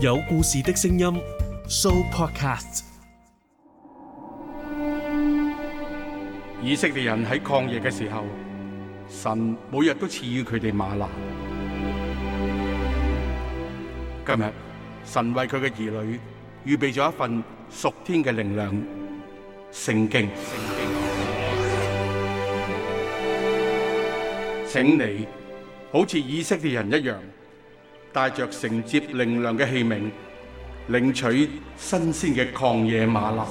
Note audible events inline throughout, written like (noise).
有故事的聲音，So Podcast。以色列人喺曠野嘅時候，神每日都賜予佢哋嗎哪。今日神為佢嘅兒女預備咗一份屬天嘅靈糧，聖經。請你好似以色列人一樣。帶着承接靈糧嘅器皿，領取新鮮嘅曠野嗎哪。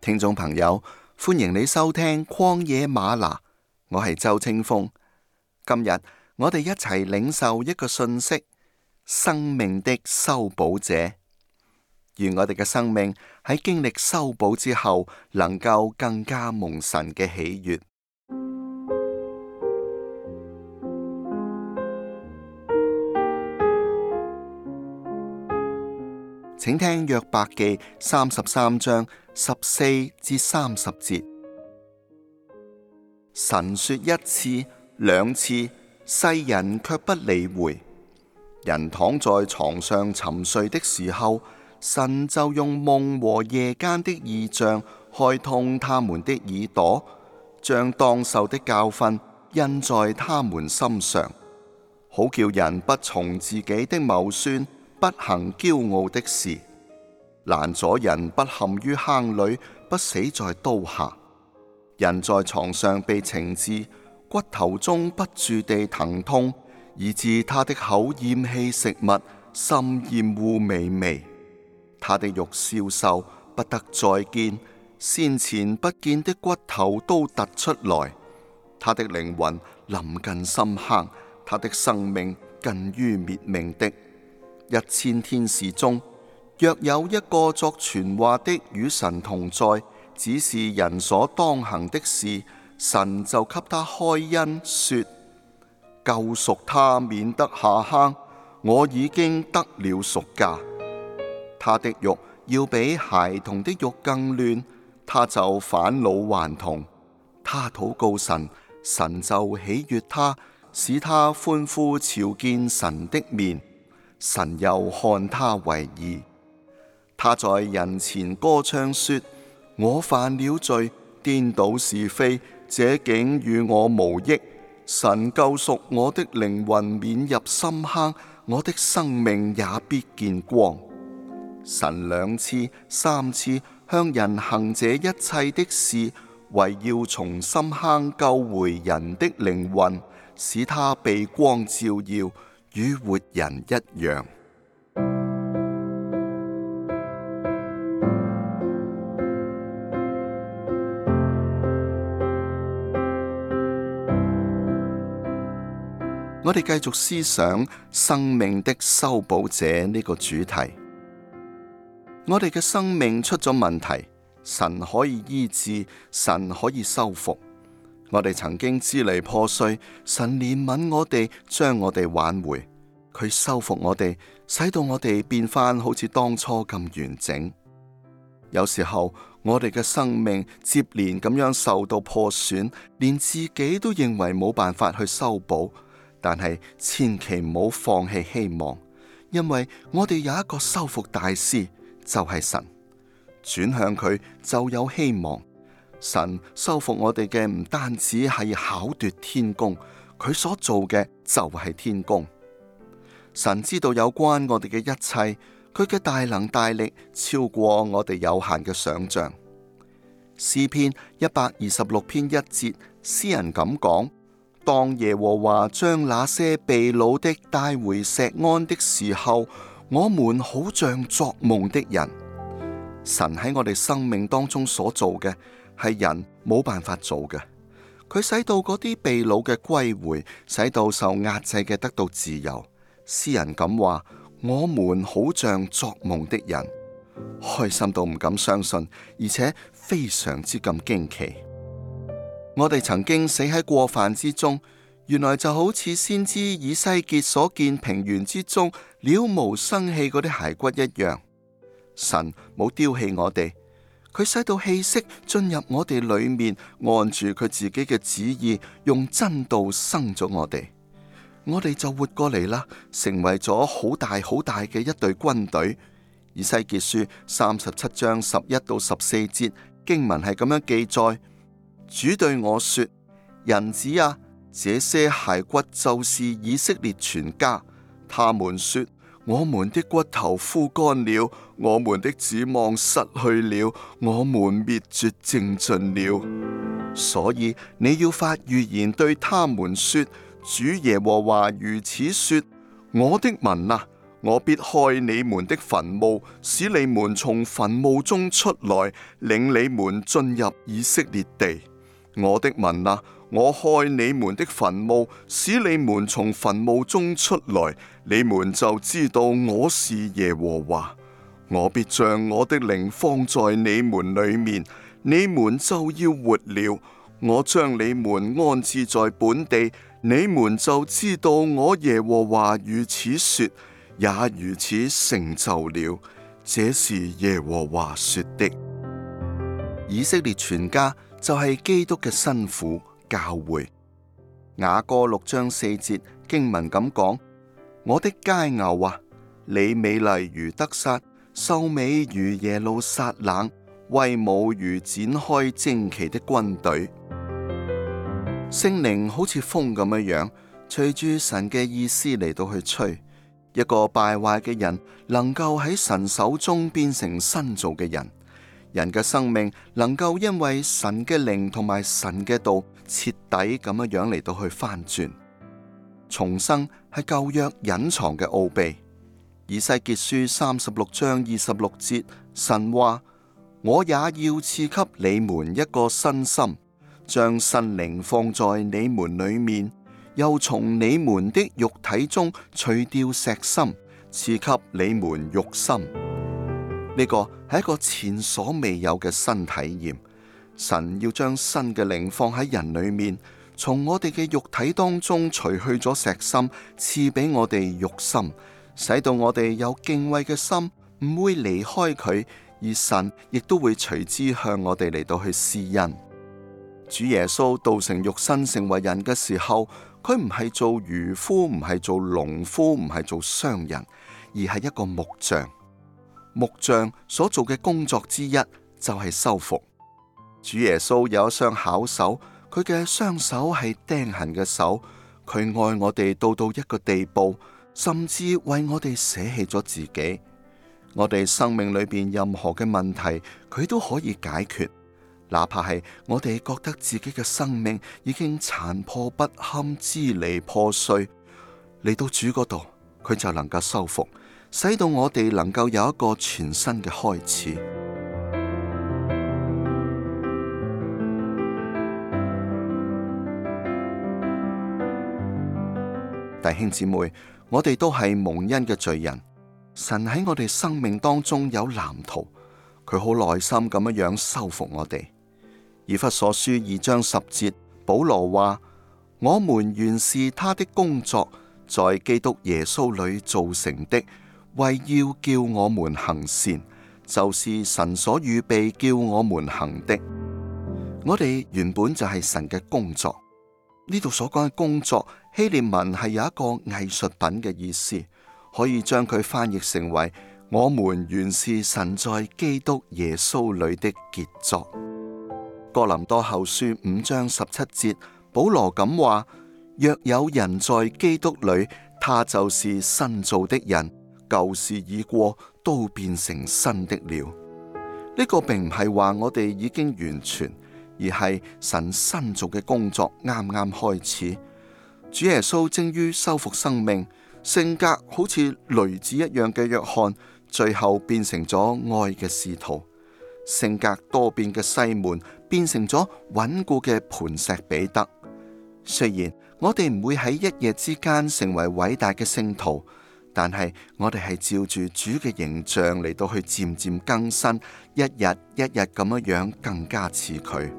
聽眾朋友，歡迎你收聽曠野嗎哪，我係周清風。今日我哋一齊領受一個訊息：生命的修補者，願我哋嘅生命喺經歷修補之後，能夠更加蒙神嘅喜悅。請聽約伯記三十三章十四至三十節。神說一次、兩次，世人却不理會。人躺在床上沉睡的時候，神就用夢和夜間的異象開通他們的耳朵，將當受的教訓印在他們心上，好叫人不從自己的謀算。不行驕傲的事，攔阻人不陷於坑裏，不死在刀下。人在床上被懲治，骨頭中不住地疼痛，以致他的口厭棄食物，心厭惡美味。他的肉消瘦，不得再見先前不見的骨頭都凸出來。他的靈魂臨近深坑，他的生命近於滅命的。一千天使中，若有一個作傳話的與神同在，指示人所當行的事，神就給他開恩說：救贖他，免得下坑。我已經得了贖價，他的肉要比孩童的肉更嫩，他就返老還童。他禱告神，神就喜悅他，使他歡呼，朝見神的面。神又看他為義，他在人前歌唱說：我犯了罪，顛倒是非，這竟與我無益。神救贖我的靈魂免入深坑，我的生命也必見光。神兩次、三次向人行這一切的事，為要從深坑救回人的靈魂，使他被光照耀。與活人一樣。 (noise) 我哋繼續思想生命的修補者呢個主題。我哋嘅生命出咗問題，神可以醫治，神可以修復。我哋曾經支離破碎，神憐憫我哋，將我哋挽回，佢修復我哋，使到我哋變翻好似當初咁完整。有時候我哋嘅生命接連咁樣受到破損，連自己都認為冇辦法去修補，但係千祈唔好放棄希望，因為我哋有一個修復大師，就係神，轉向佢就有希望。神修復我哋嘅唔單止係巧奪天工，佢所做嘅就係天工。神知道有關我哋嘅一切，佢嘅大能大力超過我哋有限嘅想象。詩篇一百二十六篇一節，詩人咁講：當耶和華將那些被擄的帶回錫安的時候，我們好像作夢的人。神喺我哋生命當中所做嘅。係人冇辦法做嘅，佢使到嗰啲被擄嘅歸回，使到受壓制嘅得到自由。詩人咁話：我們好像作夢的人，開心到唔敢相信，而且非常之咁驚奇。我哋曾經死喺過犯之中，原來就好似先知以西結所見平原之中了無生氣嗰啲骸骨一樣。神冇丟棄我哋。佢使到氣息進入我哋裏面，按住佢自己嘅旨意，用真道生咗我哋，我哋就活過嚟啦，成為咗好大好大嘅一隊軍隊。以西結書三十七章十一到十四節經文係咁樣記載：主對我說，人子啊，這些骸骨就是以色列全家。他們說。我們的骨頭枯乾了，我們的指望失去了，我們滅絕淨盡了。所以你要發預言對他們說：主耶和華如此說：我的民啊，我必開你們的墳墓，使你們從墳墓中出來，領你們進入以色列地。我的民啊。我開你們的墳墓，使你們從墳墓中出來，你們就知道我是耶和華。我必將我的靈放在你們裏面，你們就要活了。我將你們安置在本地，你們就知道我耶和華如此說，也如此成就了。這是耶和華說的。以色列全家就係基督嘅新婦。教會雅歌六章四節經文咁講：我的佳偶啊，你美麗如得撒，秀美如耶路撒冷，威武如展開旌旗的軍隊。聖靈好似風咁樣樣，隨住神嘅意思嚟到去吹。一個敗壞嘅人，能夠喺神手中變成新造嘅人。人嘅生命能夠因為神嘅靈同埋神嘅道徹底咁樣樣嚟到去翻轉重生，係舊約隱藏嘅奧秘。以西結書三十六章二十六節，神話：我也要賜給你們一個新心，將神靈放在你們裏面，又從你們的肉體中除掉石心，賜給你們肉心。呢個係一個前所未有嘅新體驗，神要將新嘅靈放喺人裏面，從我哋嘅肉體當中除去咗石心，賜俾我哋肉心，使到我哋有敬畏嘅心，唔會離開佢，而神亦都會隨之向我哋嚟到去施恩。主耶穌道成肉身成為人嘅時候，佢唔係做漁夫，唔係做農夫，唔係做，做商人，而係一個木匠。木匠所做嘅工作之一就係修復。主耶穌有一雙巧手，佢嘅雙手係釘痕嘅手，佢愛我哋到到一個地步，甚至為我哋捨棄咗自己。我哋生命裏邊任何嘅問題，佢都可以解決，哪怕係我哋覺得自己嘅生命已經殘破不堪、支離破碎，嚟到主嗰度，佢就能夠修復。使到我哋能夠有一個全新嘅開始， (music) 弟兄姊妹，我哋都係蒙恩嘅罪人。神喺我哋生命當中有藍圖，佢好耐心咁樣樣修復我哋。以弗所書二章十節，保羅話：我們原是他的工作，在基督耶穌裡造成的。為要叫我們行善，就是神所預備叫我們行的。我哋原本就係神嘅工作。呢度所講嘅工作，希臘文係有一個藝術品嘅意思，可以將佢翻譯成為我們原是神在基督耶穌裏的傑作。哥林多後書五章十七節，保羅咁話：若有人在基督裏，他就是新造的人。舊事已過，都變成新的了。呢個並唔係話我哋已經完全，而係神新造嘅工作啱啱開始。主耶穌精於修復生命，性格好似雷子一樣嘅約翰，最後變成咗愛嘅使徒；性格多變嘅西門，變成咗穩固嘅磐石彼得。雖然我哋唔會喺一夜之間成為偉大嘅聖徒。但係我哋係照住主嘅形象嚟到去，漸漸更新，一日一日咁樣樣，更加似佢。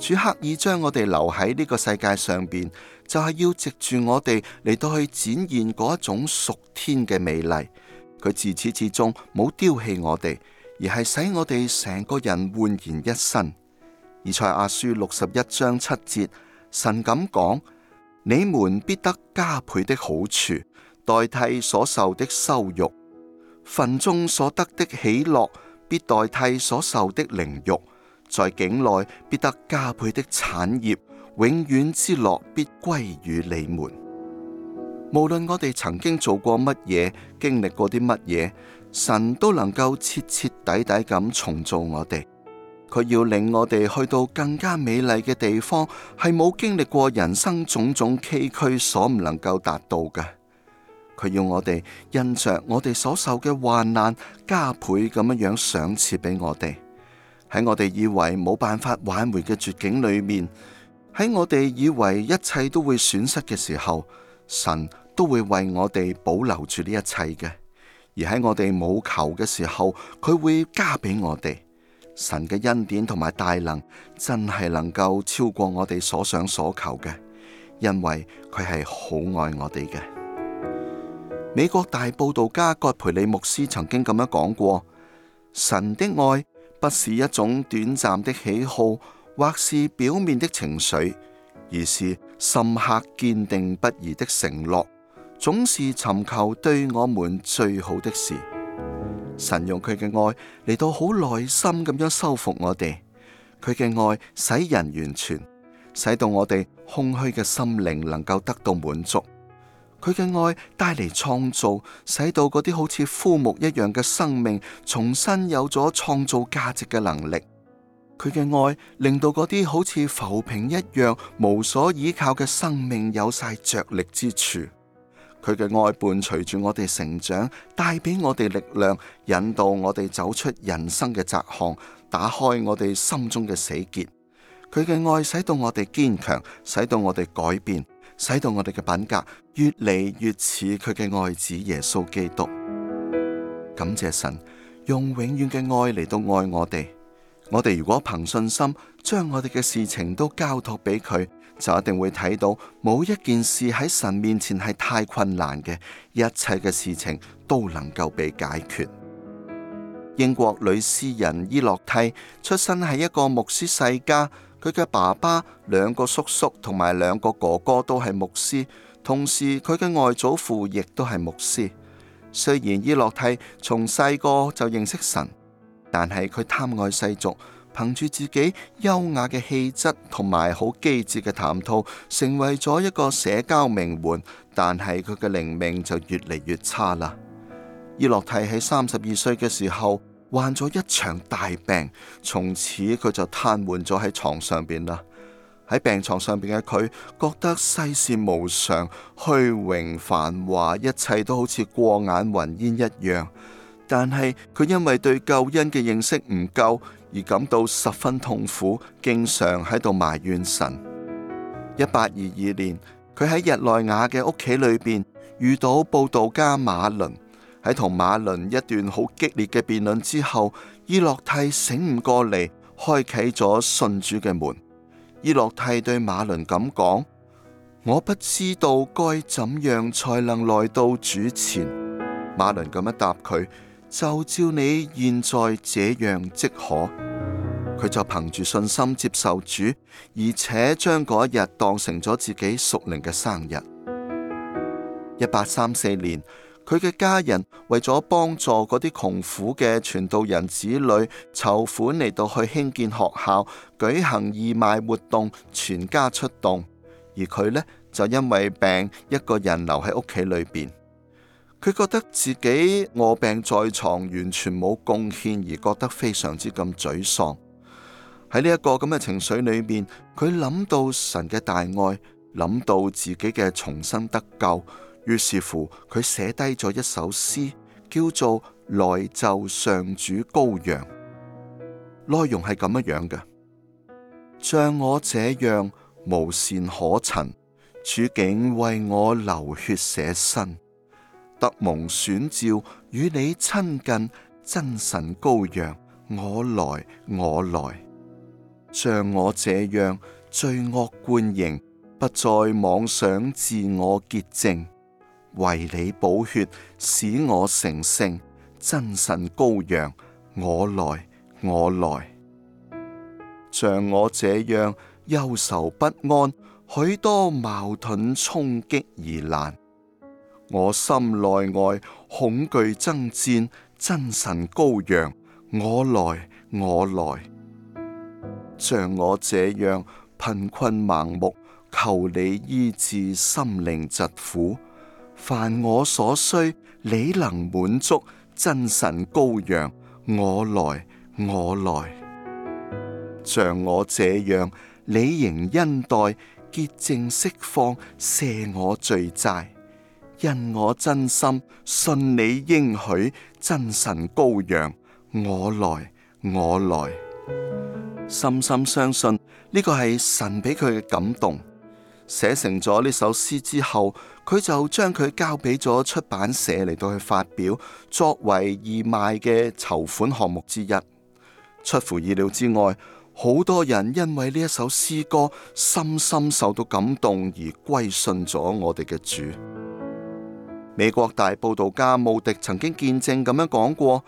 主刻意將我哋留喺呢個世界上面，就係、是、要藉住我哋嚟到去展現嗰一種屬天嘅美麗。佢自始至終冇丟棄我哋，而係使我哋成個人煥然一新。以賽亞書六十一章七節，神咁講：你們必得加倍的好處。代替所受的羞辱，分中所得的喜樂，必代替所受的凌辱；在境內必得加倍的產業，永遠之樂必歸於你們。無論我哋曾經做過乜嘢，經歷過啲乜嘢，神都能夠徹徹底底咁重造我哋。佢要令我哋去到更加美麗嘅地方，係冇經歷過人生種種崎嶇所唔能夠達到嘅。佢要我哋因着我哋所受嘅患難加倍咁樣樣賞賜俾我哋，喺我哋以為冇辦法挽回嘅絕境裏面，喺我哋以為一切都會損失嘅時候，神都會為我哋保留住呢一切嘅。而喺我哋冇求嘅時候，佢會加俾我哋。神嘅恩典同埋大能真係能夠超過我哋所想所求嘅，因為佢係好愛我哋嘅。美國大佈道家葛培理牧師曾經咁樣講過：神的愛不是一種短暫的喜好，或是表面的情緒，而是深刻堅定不移的承諾，總是尋求對我們最好的事。神用佢嘅愛嚟到好耐心咁樣修復我哋，佢嘅愛使人完全，使到我哋空虛嘅心靈能夠得到滿足。佢嘅愛帶嚟創造，使到嗰啲好似枯木一樣嘅生命，重新有咗創造價值嘅能力。佢嘅愛令到嗰啲好似浮萍一樣無所依靠嘅生命有晒着力之處。佢嘅愛伴隨住我哋成長，帶俾我哋力量，引導我哋走出人生嘅窄巷，打開我哋心中嘅死結。佢嘅愛使到我哋堅強，使到我哋改變。使到我哋嘅品格越嚟越似佢嘅愛子耶穌基督。感謝神用永遠嘅愛嚟到愛我哋。我哋如果憑信心將我哋嘅事情都交託俾佢，就一定會睇到冇一件事喺神面前係太困難嘅，一切嘅事情都能夠被解決。英國女詩人伊洛蒂出身喺一個牧師世家。佢嘅爸爸、兩個叔叔同埋兩個哥哥都係牧師，同時佢嘅外祖父亦都係牧師。雖然伊洛蒂從細個就認識神，但係佢貪愛世俗，憑住自己優雅嘅氣質同埋好機智嘅談吐，成為咗一個社交名媛。但係佢嘅靈命就越嚟越差啦。伊洛蒂喺三十二歲嘅時候，患咗一場大病，從此佢就癱瘓咗喺床上邊啦。喺病床上邊嘅佢，覺得世事無常，虛榮繁華，一切都好似過眼雲煙一樣。但係佢因為對救恩嘅認識唔夠，而感到十分痛苦，經常喺度埋怨神。一八二二年，佢喺日內瓦嘅屋企裏邊遇到布道家馬倫。喺同馬倫一段好激烈嘅辯論之後，伊諾替醒唔過嚟，開啟咗信主嘅門。伊諾替對馬倫咁講：「我不知道該怎樣才能來到主前。」馬倫咁樣答佢：「就照你現在這樣即可。」佢就憑住信心接受主，而且將嗰一日當成咗自己屬靈嘅生日。一八三四年。佢嘅家人為咗幫助嗰啲窮苦嘅傳道人子女籌款嚟，到去興建學校，舉行義賣活動，全家出動。而佢咧就因為病一個人留喺屋企裏邊，佢覺得自己臥病在床，完全冇貢獻，而覺得非常之咁沮喪。喺呢一個咁嘅情緒裏邊，佢諗到神嘅大愛，諗到自己嘅重生得救。於是乎，佢寫低咗一首詩，叫做《來就上主羔羊》。內容係咁樣樣嘅，像我這樣無善可陳，主竟為我流血捨身，得蒙選召與你親近真神羔羊。我來，我來。像我這樣罪惡冠形，不再妄想自我潔淨。為你補血，使我成聖，真神羔羊，我來我來。像我這樣憂愁不安，許多矛盾衝擊而難，我心內外恐懼爭戰，真神羔羊，我來我來。像我這樣貧困盲目，求你醫治心靈疾苦。凡我所需，你能滿足，真神羔羊，我來，我來。像我這樣，你仍恩待，潔淨釋放，赦我罪債。因我真心信你應許，真神羔羊，我來，我來。深深相信呢個係神俾佢嘅感動。寫成咗呢首詩之後，佢就將佢交俾咗出版社嚟到去發表，作為義賣嘅籌款項目之一。出乎意料之外，好多人因為呢一首詩歌深深受到感動而歸信咗我哋嘅主。美國大佈道家穆迪曾經見證咁樣講過：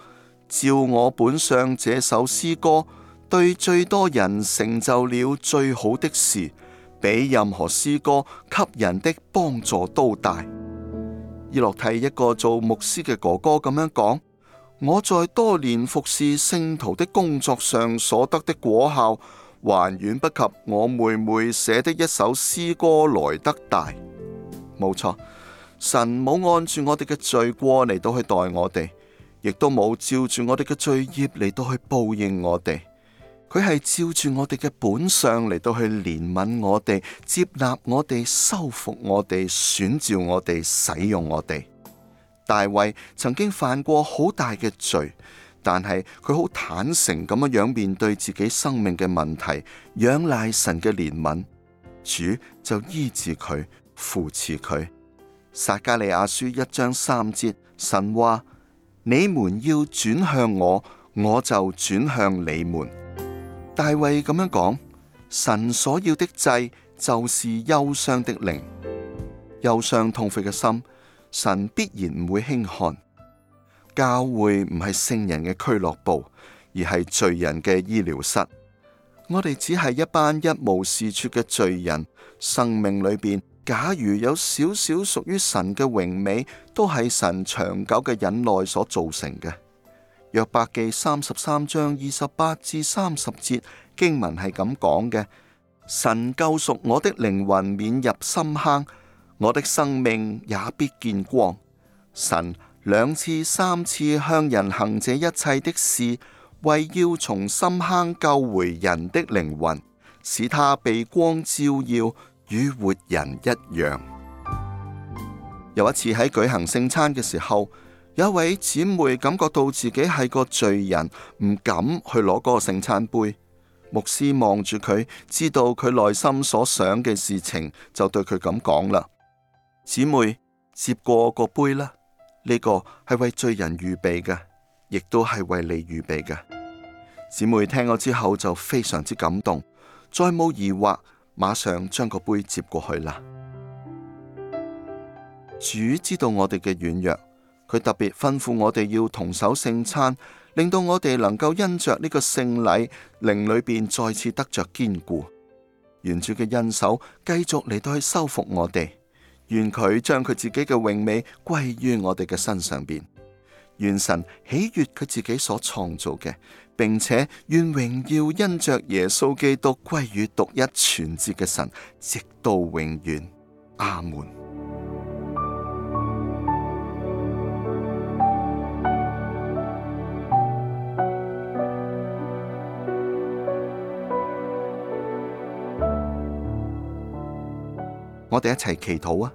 照我本相，這首詩歌對最多人成就了最好的事。比任何詩歌給人的幫助都大。伊洛替一個做牧師嘅哥哥咁樣講：我在多年服侍聖徒的工作上所得的果效，還遠不及我妹妹寫的一首詩歌來得大。冇錯，神冇按住我哋嘅罪過嚟到去待我哋，亦都冇照住我哋嘅罪孽嚟到去報應我哋。佢係照住我哋嘅本相嚟到去憐憫我哋，接納我哋，修復我哋，選召我哋，使用我哋。大衛曾經犯過好大嘅罪，但係佢好坦誠咁樣面對自己生命嘅問題，仰賴神嘅憐憫，主就醫治佢，扶持佢。撒迦利亞書一章三節，神話：你們要轉向我，我就轉向你們。大衛咁樣講：神所要的祭，就是憂傷的靈；憂傷痛悔嘅心，神必然唔會輕看。教會唔係聖人嘅俱樂部，而係罪人嘅醫療室。我哋只係一班一無是處嘅罪人，生命裏邊假如有少少屬於神嘅榮美，都係神長久嘅忍耐所造成嘅。約百記三十三章二十八至三十節經文係咁講嘅：神救贖我的靈魂免入深坑，我的生命也必見光。神兩次、三次向人行這一切的事，為要從深坑救回人的靈魂，使他被光照耀，與活人一樣。有一次喺舉行聖餐嘅時候。有一位姊妹感覺到自己係個罪人，唔敢去攞個聖餐杯。牧師望住佢，知道佢內心所想嘅事情，就對佢咁講啦：姊妹，接過個杯啦，呢個係為罪人預備嘅，亦都係為你預備嘅。姊妹聽咗之後就非常之感動，再冇疑惑，馬上將個杯接過去啦。主知道我哋嘅軟弱。佢特別吩咐我哋要同守聖餐，令到我哋能夠因着呢個聖禮，靈裏邊再次得着堅固。原主嘅恩手繼續嚟到去修復我哋，願佢將佢自己嘅榮美歸於我哋嘅身上邊。願神喜悅佢自己所創造嘅，並且願榮耀因着耶穌基督歸於獨一全智嘅神，直到永遠。阿門。我哋一齊祈禱啊！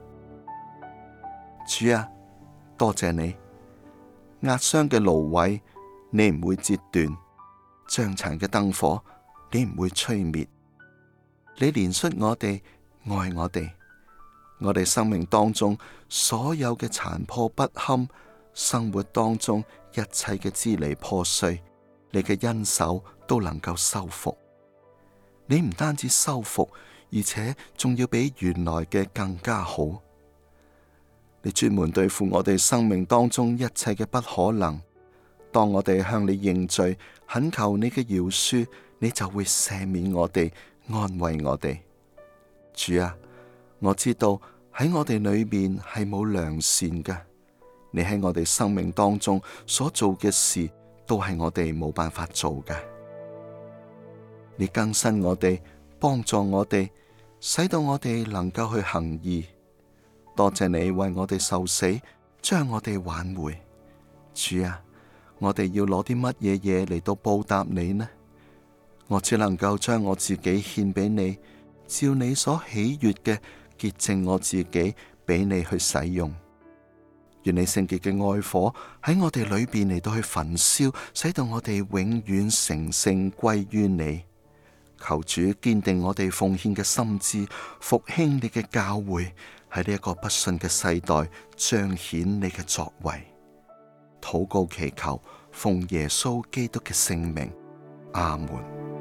主啊，多謝你，壓傷嘅蘆葦你唔會折斷，將殘嘅燈火你唔會吹滅。你憐恤我哋，愛我哋，我哋生命當中所有嘅殘破不堪，生活當中一切嘅支離破碎，你嘅恩手都能夠修復。你唔單止修復。而且仲要比原來嘅更加好。你專門對付我哋生命當中一切嘅不可能。當我哋向你認罪、懇求你嘅饒恕，你就會赦免我哋、安慰我哋。主啊，我知道喺我哋裏面係冇良善㗎。你喺我哋生命當中所做嘅事，都係我哋冇辦法做㗎。你更新我哋，幫助我哋。使到我哋能夠去行義，多謝你為我哋受死，將我哋挽回。主啊，我哋要攞啲乜嘢嘢嚟到報答你呢？我只能夠將我自己獻俾你，照你所喜悦嘅潔淨我自己俾你去使用。願你聖潔嘅愛火喺我哋裏邊嚟到去焚燒，使到我哋永遠成聖歸於你。求主堅定我哋奉獻嘅心志，復興你嘅教會，喺呢一個不信嘅世代，彰顯你嘅作為。禱告祈求，奉耶穌基督嘅聖名，阿門。